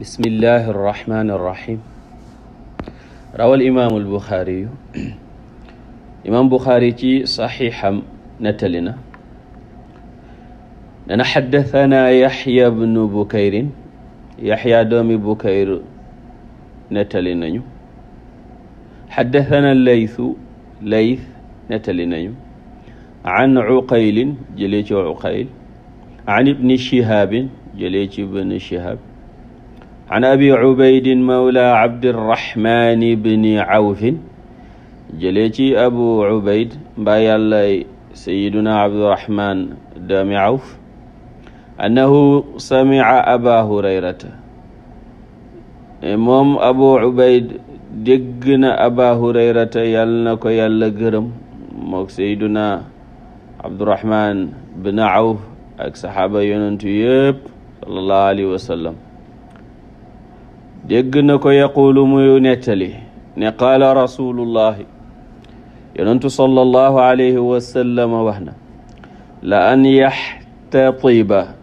bismillahi arrahmani irrahim rawal imaamu albuxaari yu imaam buxaari ci saxiixam nettali na nena xaddatanaa yaxya bnu bukayrin yaxya doomi bukayr nettali nañu xaddatanaa laythu layth nettali nañu an uqaylin jëlee ci uqayl an ibni shihaabin jëlee ci ibni shihaab an abi ubaydin mawla abdirahmani bni awfin jëlee ci abu ubayd mbaa yàllay sayiduna abdirahman doomi awf annahu samica aba hurayrata moom abu ubayd dégg na aba hurayrata yàll na ko yàlla gërëm mook sayiduna abdirahman bni awf ak saxaaba yonentu yëpp sallallahu alayhi wa sallam dégg na ko yaquulu muy nettali ne qaala rasulullahi yonentu sallallahu alayhi wa sallam wax na la an yaxtatiba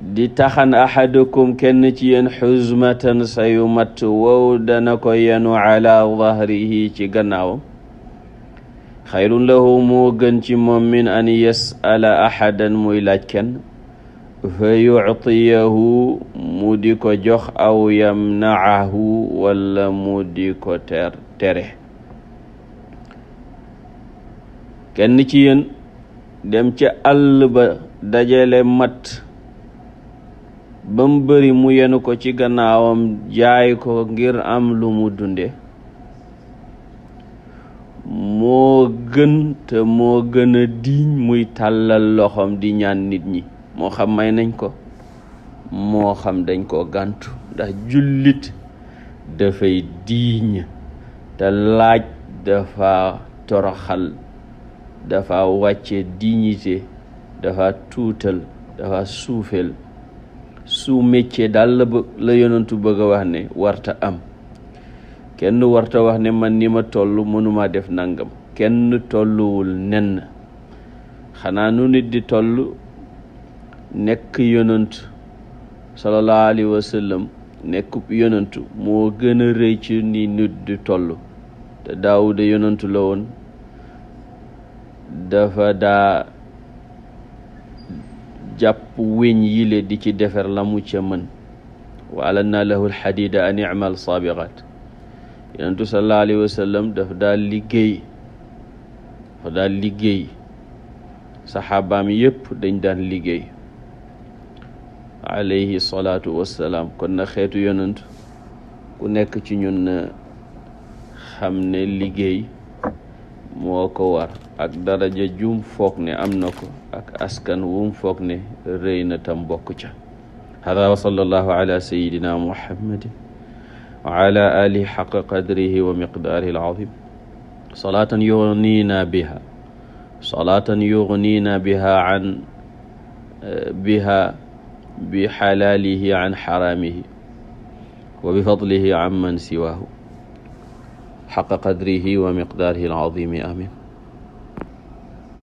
di taxan axadukum kenn ci yéen xuzmatan sa mat wow dana ko yenu ala dahrihi ci gannaawam xayrun lahu moo gën ci moom min an yasala ahadan muy laaj fa yuctiyahu mu di ko jox aw yamnaahu wala mu di ko ter tere kenn ci yéen dem ca àll ba dajale mat bam bari mu yenu ko ci gannaawam jaay ko ngir am lu mu dunde moo gën te moo gën a diiñ muy tàllal loxoom di ñaan nit ñi moo xam may nañ ko moo xam dañ koo gàntu ndax jullit dafay diiñ te laaj dafa toroxal dafa wàcce dignité dafa tuutal dafa suufeel su meccee daal la bëgg la yonentu bëgg a wax ne warta am kenn warta wax ne man ni ma toll mënuma def nangam kenn tolluwul nenn xanaa nu nit di toll nekk yonant sallallahu alayhi wa sallam moo gën a rëy ci ni nit di toll te daawuda yonantu la woon dafa daa jàpp weñ yile di ci defer la mu ca mën wa alanna lahu alxadida an imal sabiqat yonantu sallallahu dafa daa liggéey dafa daa liggéey saxaabaam yépp dañ daan liggéey alayhi salaatu wassalaam kon na xeetu yonent ku nekk ci ñun na xam ne liggéey moo ko war ak daraja jum foog ne am na ko ak askan wum foog ne rëy na tam bokk ca hada wa sallallahu ala sayidina muhammadin wa ala alihi xaqa qadrihi wa miqdaarihi alazim salaatan yughnina biha salaatan yughnina biha an eh, biha bi xalaalihi an xaraamihi wa bi fadlihi an man siwaahu xaqa qadrihi wa miqdaarihi al-aziimi amiin